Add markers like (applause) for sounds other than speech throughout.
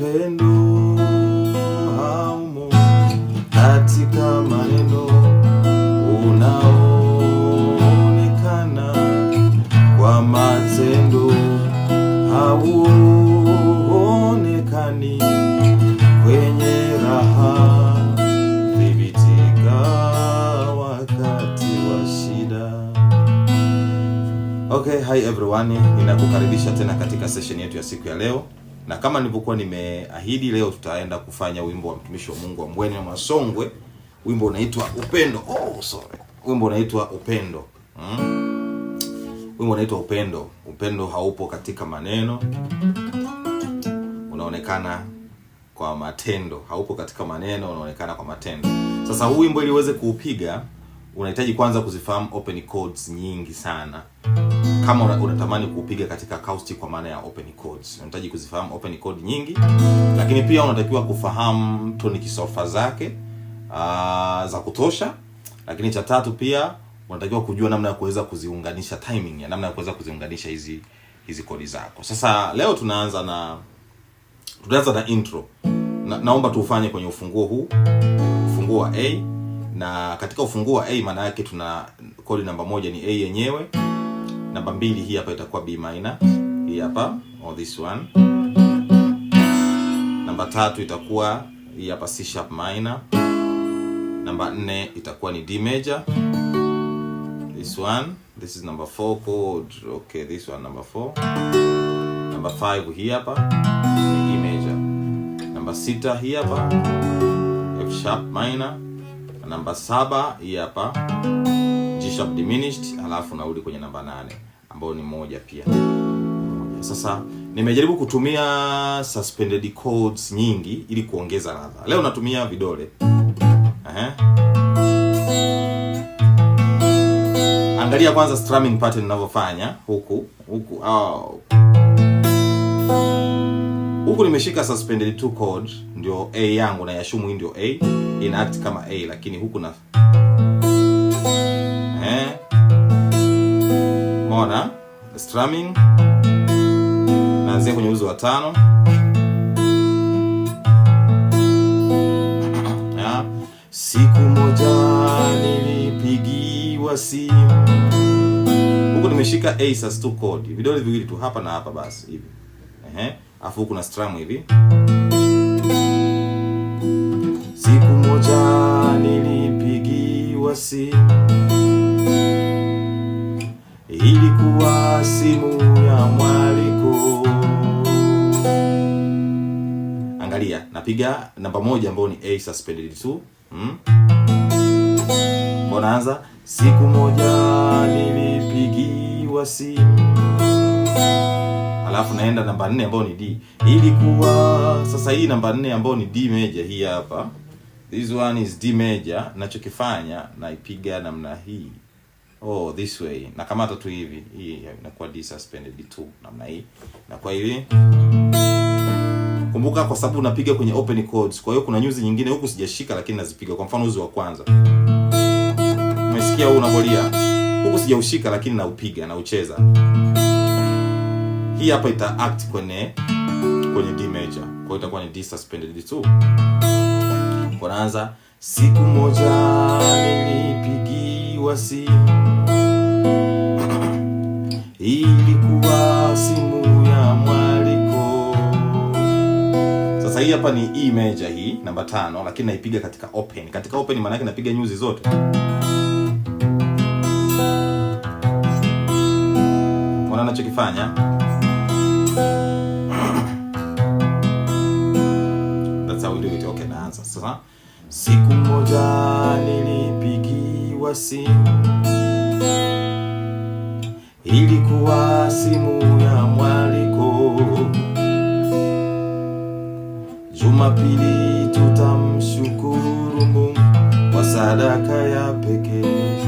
upendo haumo katika maneno, unaonekana kwa matendo, hauonekani kwenye raha. Thibitika wakati wa shida. Okay, hi everyone, ninakukaribisha tena katika session yetu ya siku ya leo na kama nilivyokuwa nimeahidi, leo tutaenda kufanya wimbo wa mtumishi wa Mungu Ambwene Mwasongwe. Wimbo unaitwa Upendo. Oh, sorry, wimbo unaitwa Upendo. Mm. Wimbo unaitwa Upendo. Upendo haupo katika maneno, unaonekana kwa matendo. Haupo katika maneno, unaonekana kwa matendo. Sasa huu wimbo ili uweze kuupiga, unahitaji kwanza kuzifahamu open chords nyingi sana kama unatamani kuupiga katika kausti kwa maana ya open chords, unahitaji kuzifahamu open chord nyingi, lakini pia unatakiwa kufahamu tonic sofa zake aa, ah, za kutosha. Lakini cha tatu pia unatakiwa kujua namna ya kuweza kuziunganisha timing, ya namna ya kuweza kuziunganisha hizi hizi kodi zako. Sasa leo tunaanza na tunaanza na intro na, naomba tuufanye kwenye ufunguo huu, ufunguo wa A, na katika ufunguo wa A maana yake tuna kodi namba moja ni A yenyewe namba mbili hii hapa itakuwa B minor, hii hapa or this one. Namba tatu itakuwa hii hapa C sharp minor. Namba nne itakuwa ni D major, this one, this is number 4 chord, okay, this one number 4. number 5 hii hapa ni E major. Namba sita hii hapa F sharp minor. Namba saba hii hapa sharp diminished, alafu narudi kwenye namba nane ambayo ni moja pia. moja. Sasa nimejaribu kutumia suspended chords nyingi ili kuongeza ladha. Leo natumia vidole. Aha. Angalia kwanza strumming pattern ninavyofanya huku huku oh. Huku nimeshika suspended two chord ndio A yangu na yashumu ndio A inaact kama A lakini huku na umeona strumming, naanzia kwenye uzi wa tano ya. Siku moja nilipigiwa simu, huku nimeshika asas sus tu vidole viwili tu hapa na hapa, basi hivi ehe, afu huku na hivi. Siku moja nilipigiwa simu ilikuwa simu ya mwaliko. Angalia, napiga namba moja ambayo ni A suspended 2 hmm. siku moja nilipigiwa simu, alafu naenda namba nne ambayo ni D ilikuwa sasa. Hii namba nne ambayo ni D major hii hapa, this one is D major. Nachokifanya naipiga namna hii oh this way, nakamata tu hivi, hii inakuwa D suspended D2 namna hii, inakuwa hivi. Kumbuka kwa sababu unapiga kwenye open chords, kwa hiyo kuna nyuzi nyingine huku sijashika, lakini nazipiga. Kwa mfano uzi wa kwanza, umesikia huu unavolia huku, sijaushika lakini naupiga naucheza. Hii hapa ita act kwenye kwenye D major, kwa hiyo itakuwa ni D suspended D2. Kunaanza siku moja nilipigia Ilikuwa simu, ilikuwa simu ya mwaliko. Sasa hii hapa ni E major hii namba tano, lakini naipiga katika open. Katika open maana yake napiga nyuzi zote. Mbona that's how we do it. Okay, naanza sasa. Siku moja nilipi simu ilikuwa simu ya mwaliko. Jumapili tutamshukuru Mungu kwa sadaka ya pekee.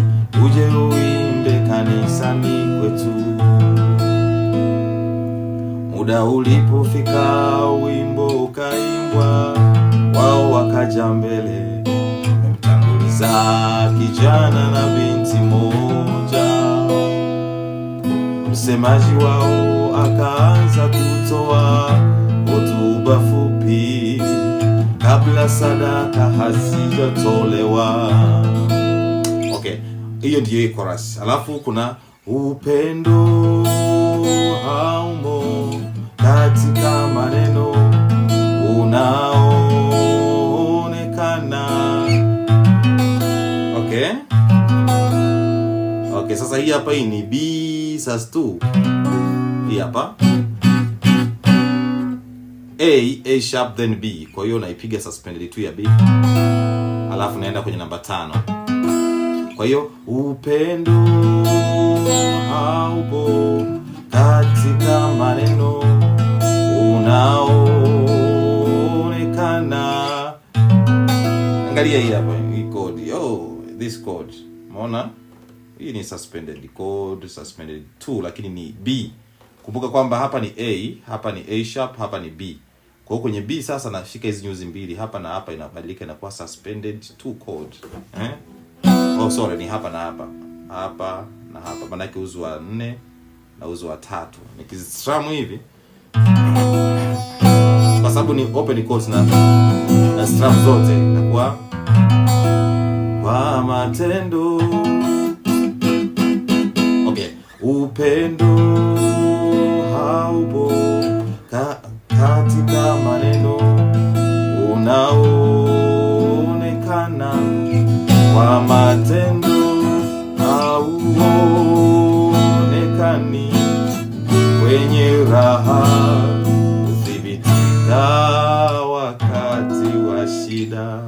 Uje uimbe kanisani kwetu, muda ulipofika wimbo ukaimbwa, wao wakaja mbele za kijana na binti moja. Msemaji wao akaanza kutoa hotuba fupi kabla sadaka hazijatolewa. Okay, hiyo ndiyo chorus. Alafu kuna upendo haumo katika maneno una Sasa hii hapa hii ni B sus 2, hii hapa A, A sharp then B. Kwa hiyo naipiga suspended tu ya B alafu naenda kwenye namba tano. Kwa hiyo upendo haupo katika maneno unaonekana. Angalia hii hapa hii chord. Oh, this chord. Umeona? hii ni suspended code, suspended 2 lakini ni B. Kumbuka kwamba hapa ni A, hapa ni A sharp, hapa ni B. Kwa hiyo kwenye B sasa nashika hizi nyuzi mbili hapa na hapa, inabadilika inakuwa suspended two code Eh? Oh sorry, ni hapa na hapa. Hapa na hapa. Maana yake uzi wa 4 na uzu wa 3. Nikizistrum hivi kwa sababu ni open chords na na strum zote inakuwa kwa matendo Upendo haupo ka, katika maneno unaonekana kwa matendo hauonekani kwenye raha uthibitika wakati wa shida.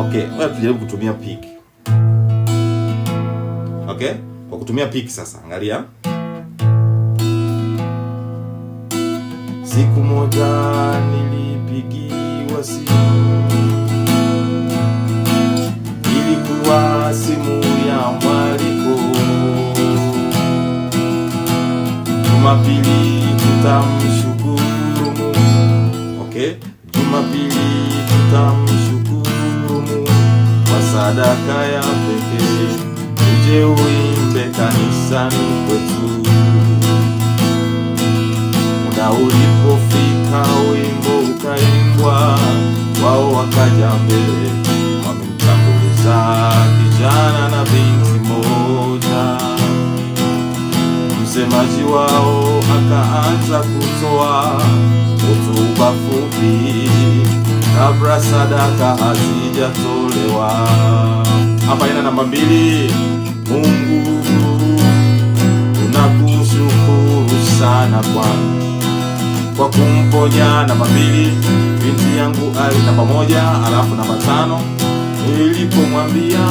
Okay, tujaribu kutumia piki. Okay? kwa kutumia piki. Sasa angalia, siku moja nilipigiwa simu, ilikuwa simu ya mwaliko, Jumapili tutamshukuru ok Okay, Jumapili tutamshukuru Mungu kwa sadaka ya pekee, uje kanisani kwetu. Muda ulipofika wimbo ukaimbwa, wao wakaja mbele, wamemtanguliza kijana na binti moja. Msemaji wao akaanza kutoa hotuba fupi kabla sadaka hazijatolewa. Hapa ina namba mbili. sana Bwana kwa kumponya. Namba mbili, binti yangu ali. Namba moja, alafu namba tano, nilipomwambia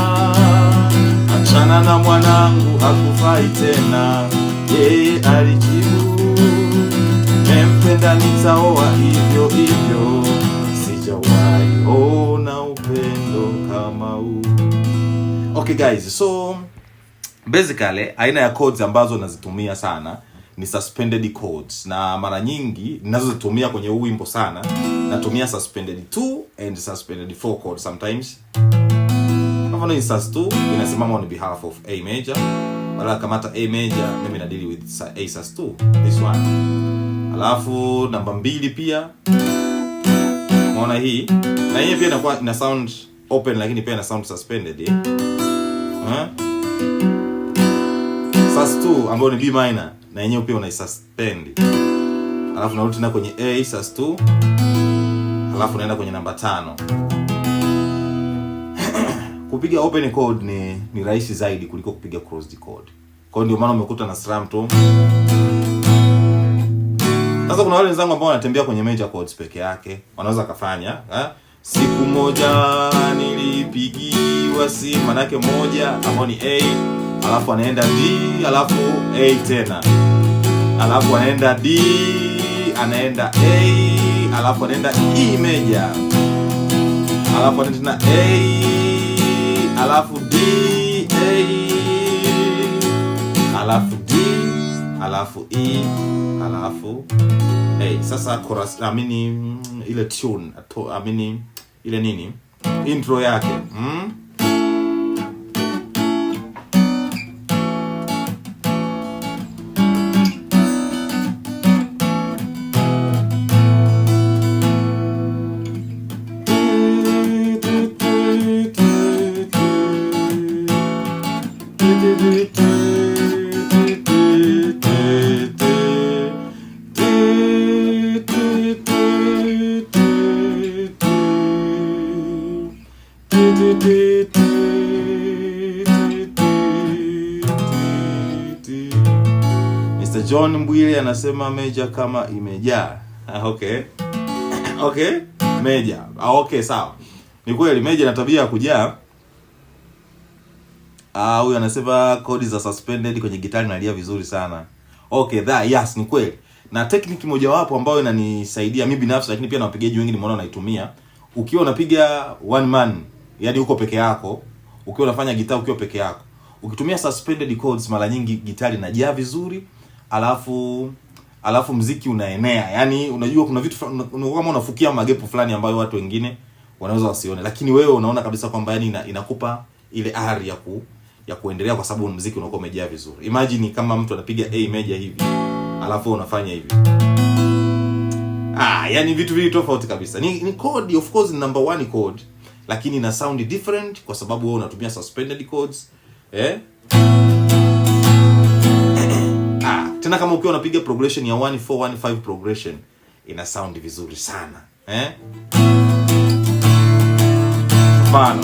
achana na mwanangu akufai tena, yeye alijibu mempenda, nitaoa hivyo hivyo, sijawahi ona upendo kama huu. Okay guys, so basically aina ya codes ambazo nazitumia sana ni suspended chords, na mara nyingi ninazozitumia kwenye huu wimbo sana natumia suspended 2 and suspended 4 chords sometimes. ni sus 2 inasimama on behalf of A major, badala kamata A major, mimi na deal with A sus 2 this one. Alafu namba mbili pia unaona hii na hii pia inakuwa ina sound open, lakini pia ina sound suspended eh, sus 2 ambayo ni B minor na yenyewe pia unaisuspend, alafu narudi tena kwenye A sus2, alafu naenda kwenye namba tano. (clears throat) Kupiga open chord ni, ni rahisi zaidi kuliko kupiga closed chord. Kwa hiyo ndio maana umekuta na strum tu. Sasa kuna wale wenzangu ambao wanatembea kwenye major chords peke yake, wanaweza kafanya ha? Siku moja nilipigiwa si manake moja ambao ni A, alafu anaenda D, alafu A tena alafu anaenda D, anaenda A, alafu anaenda E meja, alafu anaenda tena A, alafu D, A, alafu D, alafu E, alafu A. Sasa chorus, amini mm, ile tune, amini ile nini intro yake mm? Mr. John Mbwile anasema meja kama imejaa. Ah, okay. (coughs) Okay, meja. Ah, okay, sawa. Ni kweli meja na tabia ya kujaa Ah, huyu anasema kodi za suspended kwenye gitari nalia vizuri sana. Okay, that yes ni kweli. Na technique moja wapo ambayo inanisaidia mimi binafsi lakini pia na wapigaji wengi nimeona wanaitumia. Ukiwa unapiga one man, yani uko peke yako, ukiwa unafanya gitaa ukiwa peke yako. Ukitumia suspended chords mara nyingi gitari inajia vizuri, alafu alafu mziki unaenea. Yani unajua kuna vitu unakuwa kama unafukia magepo fulani ambayo watu wengine wanaweza wasione, lakini wewe unaona kabisa kwamba yani inakupa ina ile ari ya ku ya kuendelea kwa sababu muziki unakuwa umejaa vizuri. Imagine kama mtu anapiga A major hivi alafu unafanya hivi. Ah, yani vitu vili tofauti kabisa. Ni, ni chord of course number one chord lakini na sound different kwa sababu wewe unatumia suspended chords. Eh? (coughs) Ah, tena kama ukiwa unapiga progression ya 1 4 1 5 progression ina sound vizuri sana. Eh? Mfano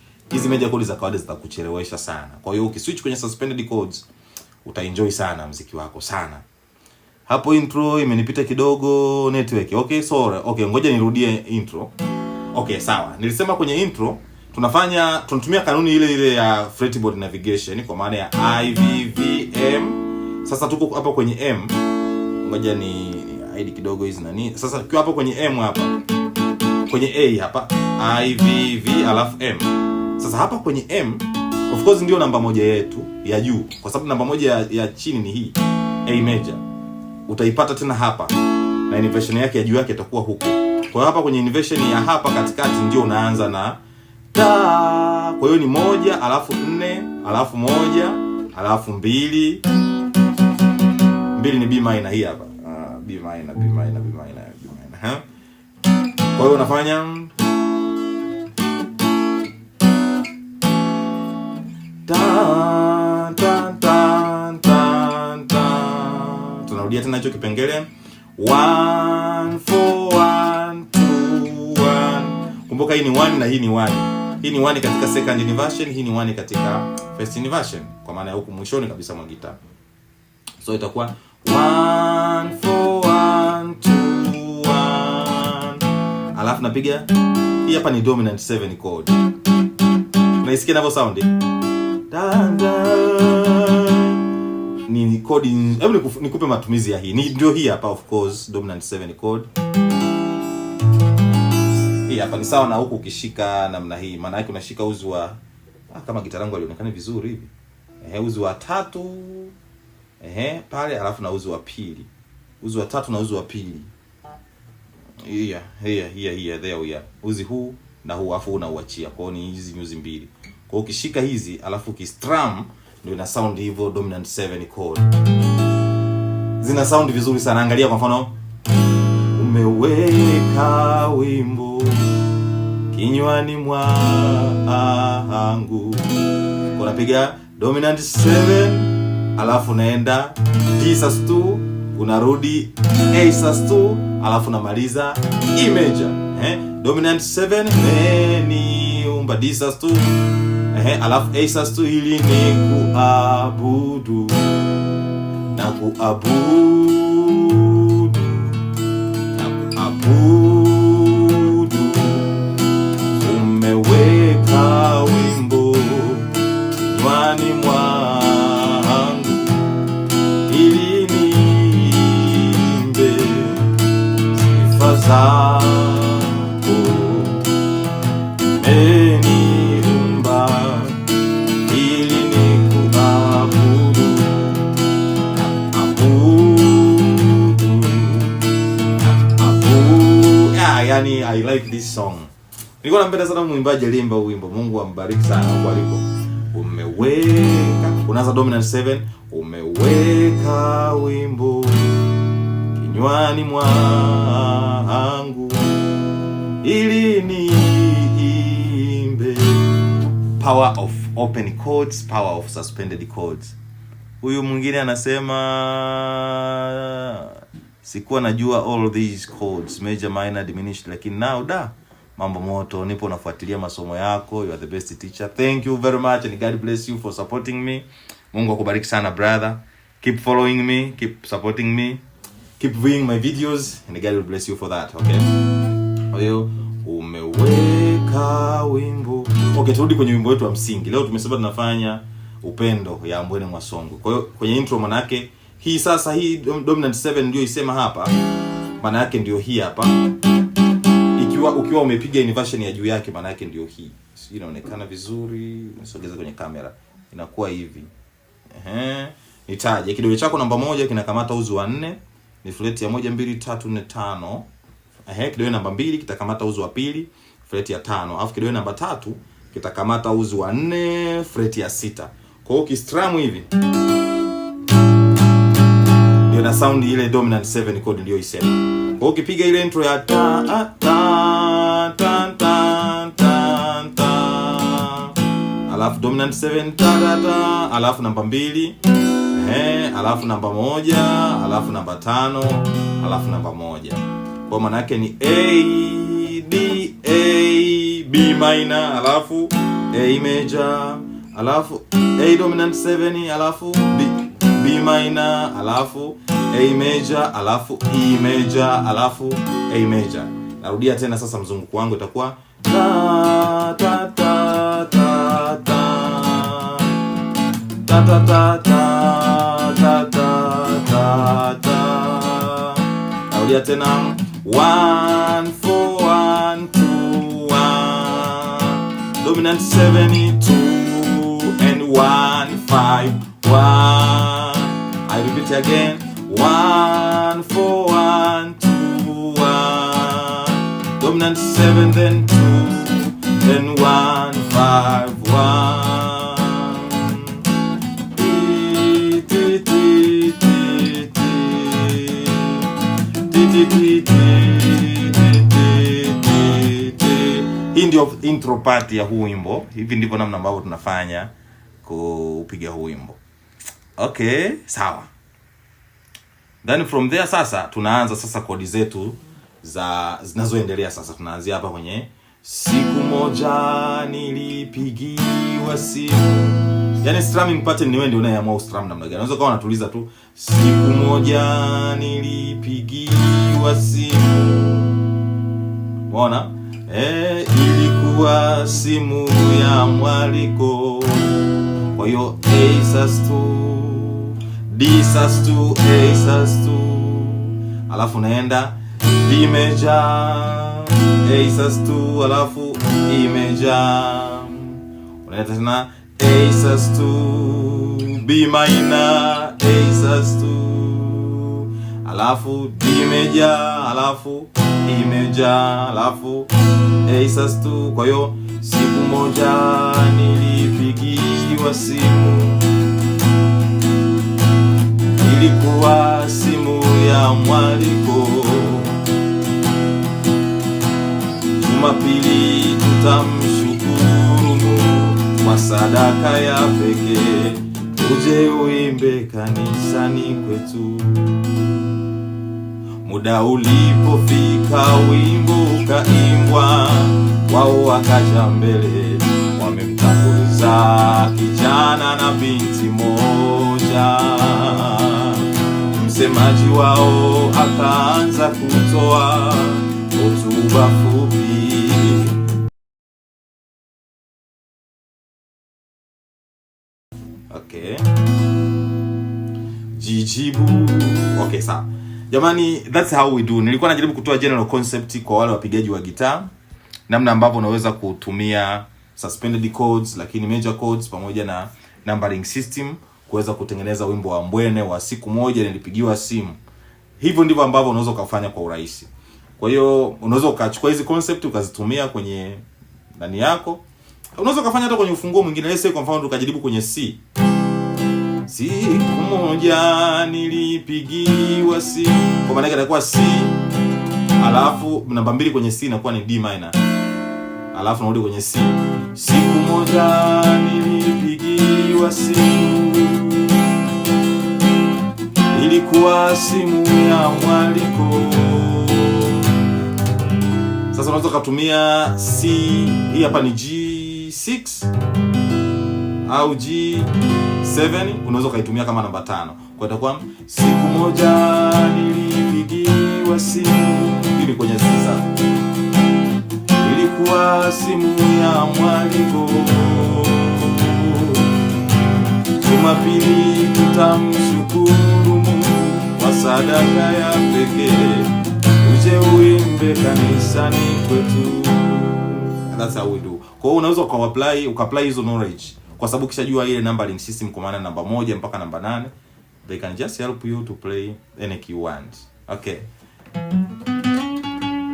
hizi major chords za kawaida zitakuchelewesha sana. Kwa hiyo ukiswitch kwenye suspended chords utaenjoy sana mziki wako sana. Hapo intro imenipita kidogo network. Okay, sorry. Okay, ngoja nirudie intro. Okay, sawa. Nilisema kwenye intro tunafanya tunatumia kanuni ile ile ya fretboard navigation kwa maana ya ivvm Sasa tuko hapa kwenye M. Ngoja ni hidi kidogo hizi nani. Sasa tukiwa hapo kwenye M hapa. Kwenye A hapa ivv alafu M. Sasa hapa kwenye M of course ndio namba moja yetu ya juu, kwa sababu namba moja ya, ya chini ni hii A major. Utaipata tena hapa na inversion yake ya juu yake itakuwa huko. Kwa hiyo hapa kwenye inversion ya hapa katikati ndio unaanza na ta. Kwa hiyo ni moja alafu nne alafu moja alafu mbili mbili ni B minor hii hapa. Uh, B minor B minor B minor B minor. Kwa hiyo unafanya Tunarudia tena hicho kipengele one Kumbuka hii ni one na hii ni one. Hii ni one katika second inversion, hii ni one katika first inversion, kwa maana ya huku mwishoni kabisa mwa gitaa. So itakuwa one four one two one, alafu napiga hii hapa ni dominant 7 chord. Unaisikia navyo sound? hebu nikupe, matumizi ya hii ndio hii hapa, of course dominant 7 chord hii hapa ni sawa na huku ukishika namna hii, maana yake unashika uzi wa ah, kama gitara yangu alionekana vizuri hivi ehe uzi wa tatu ehe pale alafu na uzi wa pili, uzi wa tatu na uzi wa pili yeah, yeah, yeah, yeah, there we are, uzi huu na huu afu unauachia. kwao ni hizi nyuzi mbili. Kwa ukishika hizi alafu ukistrum ndio ina sound hivyo dominant 7 chord. Zina sound vizuri sana. Angalia kwa mfano umeweka wimbo kinywani mwangu. Unapiga dominant 7 alafu naenda D sus2 unarudi A sus2 alafu namaliza E major. Eh? Dominant 7 eh, ni umba D sus2 Ehe, alafu eisa stahili ni kuabudu na kuabudu na kuabudu. Umeweka wimbo kinywani mwangu ili niimbe sifa zako. Nilikuwa nampenda sana mwimbaji aliyeimba wimbo. Mungu ambariki sana kwa alipo. Umeweka unaanza dominant 7 umeweka wimbo kinywani mwangu ili ni imbe Power of open chords, power of suspended chords. Huyu mwingine anasema sikuwa najua all these chords major, minor, diminished, lakini now da mambo moto, nipo nafuatilia masomo yako. You are the best teacher, thank you very much and God bless you for supporting me. Mungu akubariki sana brother, keep following me, keep supporting me, keep viewing my videos and God will bless you for that. Okay, Oyo, umeweka wimbo okay. Turudi kwenye wimbo wetu wa msingi leo. Tumesema tunafanya upendo ya Ambwene mwasongo Kwa hiyo kwenye intro manake hii sasa, hii dominant 7 ndio isema hapa, maana yake ndio hii hapa ukiwa ukiwa umepiga inversion ya juu yake, maana yake ndio hii, sio inaonekana vizuri. umesogeza kwenye kamera, inakuwa hivi. Ehe, nitaje kidole chako namba moja kinakamata uzi wa nne, ni fleti ya moja mbili tatu nne tano. Ehe, kidole namba mbili kitakamata uzi wa pili, fleti ya tano, alafu kidole namba tatu kitakamata uzi wa nne, fleti ya sita. Kwa hiyo ukistramu hivi ndio na sound ile dominant 7 chord ndio isema kwa ukipiga ile intro ya ta ta ta ta ta ta, alafu dominant 7 ta ta ta, alafu namba mbili alafu namba moja, alafu namba tano, alafu namba moja. Kwa maana yake ni A D A B minor, alafu A major, alafu A dominant 7, alafu B B minor alafu A major alafu E major alafu A major. Narudia tena sasa, mzunguko wangu itakuwa ta ta ta ta ta ta ta ta ta ta ta. Narudia tena one four one two one dominant seven and one five one I'll repeat again. One, four, one, two, one. Dominant seven, then two, then one, five, one. Ti, ti, ti, ti, ti, ti, ti, ti. Hii ndio intro part ya huu wimbo. Hivi ndivyo namna ambavyo tunafanya kupiga huu wimbo. Okay, sawa. Then from there sasa tunaanza sasa kodi zetu za zinazoendelea sasa, tunaanzia hapa kwenye siku moja nilipigiwa simu. Yaani strumming pattern ni wewe ndio unayeamua ustrum namna gani. Unaweza kuwa unatuliza tu siku moja nilipigiwa simu. Unaona? Eh, ilikuwa simu ya mwaliko. Kwa hiyo A tu D sus 2 A sus 2, alafu naenda D major A sus 2, alafu E major, unaenda tena A sus 2 B minor A sus 2, alafu D major, alafu E major, alafu A sus 2. Kwa hiyo siku moja nilipigiwa simu ilikuwa simu ya mwaliko. Jumapili tutamshukuru Mungu kwa sadaka ya pekee. Uje uimbe kanisani kwetu. Muda ulipofika wimbo ukaimbwa, wao wakaja mbele, wamemtanguliza kijana na binti moja msemaji wao akaanza kutoa hotuba fupi. Okay, jijibu. Okay, sawa jamani, that's how we do. Nilikuwa najaribu kutoa general concept kwa wale wapigaji wa gitaa, namna ambavyo unaweza kutumia suspended chords, lakini major chords pamoja na numbering system kuweza kutengeneza wimbo wa Mbwene wa siku moja nilipigiwa simu. Hivyo ndivyo ambavyo unaweza ukafanya kwa urahisi. Kwa hiyo unaweza ukachukua hizi concept ukazitumia kwenye ndani yako. Unaweza ukafanya hata kwenye ufunguo mwingine. lese kwa mfano tukajaribu kwenye C. Siku moja nilipigiwa simu. Kwa maana yake C alafu namba mbili kwenye C inakuwa ni D minor. Alafu narudi kwenye C. Siku moja nilipigiwa simu ilikuwa simu ya mwaliko. Sasa unaweza ukatumia C, hii hapa ni G6 au G7, unaweza ukaitumia kama namba tano kwa itakuwa siku moja nilipigiwa simu, ni kwenye sasa ilikuwa simu ya mwaliko, Jumapili tutam sadaka ya pekee, uje uimbe kanisani kwetu. That's how we do. Kwa hiyo unaweza kwa ukaapply ukaapply hizo knowledge, kwa sababu kishajua ile numbering system, kwa maana namba moja mpaka namba nane, they can just help you to play any key you want. Okay,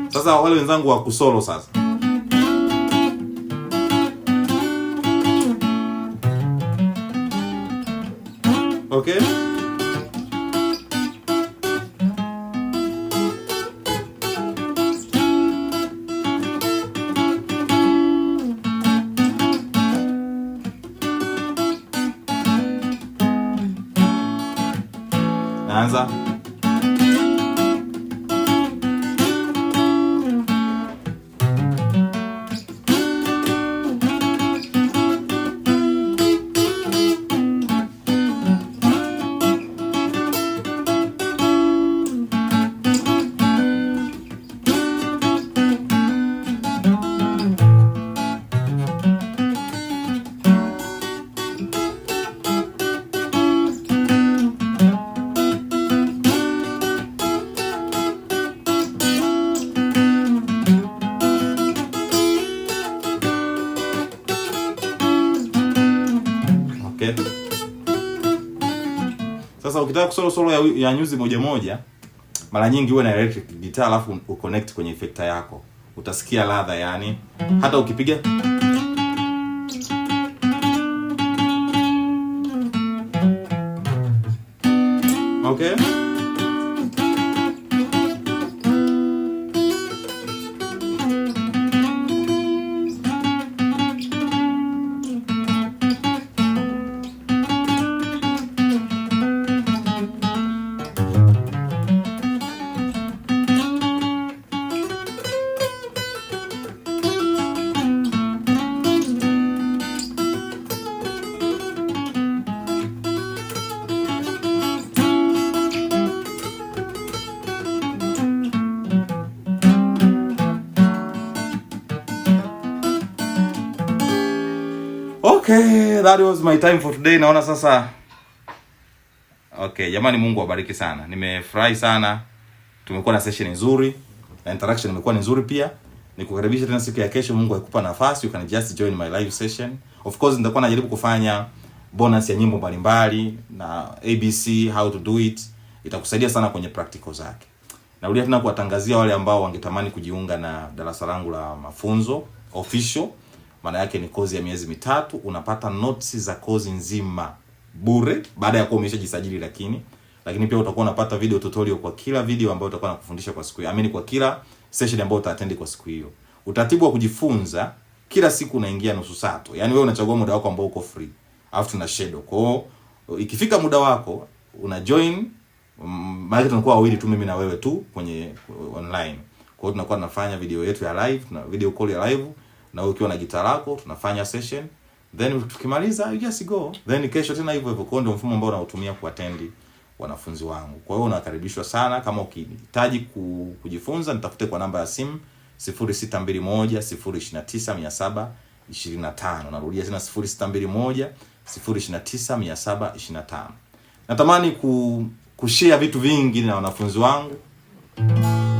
sasa wale wenzangu wa kusolo sasa okay 男子。ukitaka kusolo solo ya, ya nyuzi moja moja, mara nyingi uwe na electric guitar alafu uconnect kwenye effector yako, utasikia ladha yani, hata ukipiga Okay, that was my time for today. Naona sasa. Okay, jamani Mungu awabariki sana. Nimefurahi sana. Tumekuwa na session nzuri na interaction imekuwa nzuri pia. Nikukaribisha tena siku ya kesho, Mungu akupa nafasi, you can just join my live session. Of course nitakuwa najaribu kufanya bonus ya nyimbo mbalimbali na ABC how to do it. Itakusaidia sana kwenye practical zake. Narudia tena kuwatangazia wale ambao wangetamani kujiunga na darasa langu la mafunzo official maana yake ni kozi ya miezi mitatu, unapata notes za kozi nzima bure baada ya kuwa umeshajisajili. Lakini lakini pia utakuwa unapata video tutorial kwa kila video ambayo utakuwa nakufundisha kwa siku hiyo, amini, kwa kila session ambayo utaattend kwa siku hiyo. Utaratibu wa kujifunza kila siku unaingia nusu saa tu, yaani wewe unachagua muda wako ambao uko free, alafu tuna schedule kwao. Ikifika muda wako una join, mm, maana tunakuwa wawili tu, mimi na wewe tu kwenye online. Kwa hiyo tunakuwa tunafanya video yetu ya live na video call ya live na wewe ukiwa na gitaa lako tunafanya session, then tukimaliza you just go, then kesho tena hivyo hivyo. Kwa ndio mfumo ambao nautumia kuattend wanafunzi wangu. Kwa hiyo unakaribishwa sana, kama ukihitaji kujifunza nitafute kwa namba ya simu 0621 029 725. Narudia tena 0621 029 725. Natamani ku kushare vitu vingi na wanafunzi wangu.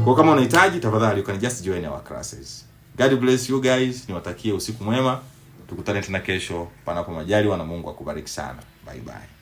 Kwa kama unahitaji tafadhali you can just join our classes. God bless you guys, niwatakie usiku mwema, tukutane tena kesho panapo majaliwa, na Mungu akubariki sana. Bye bye.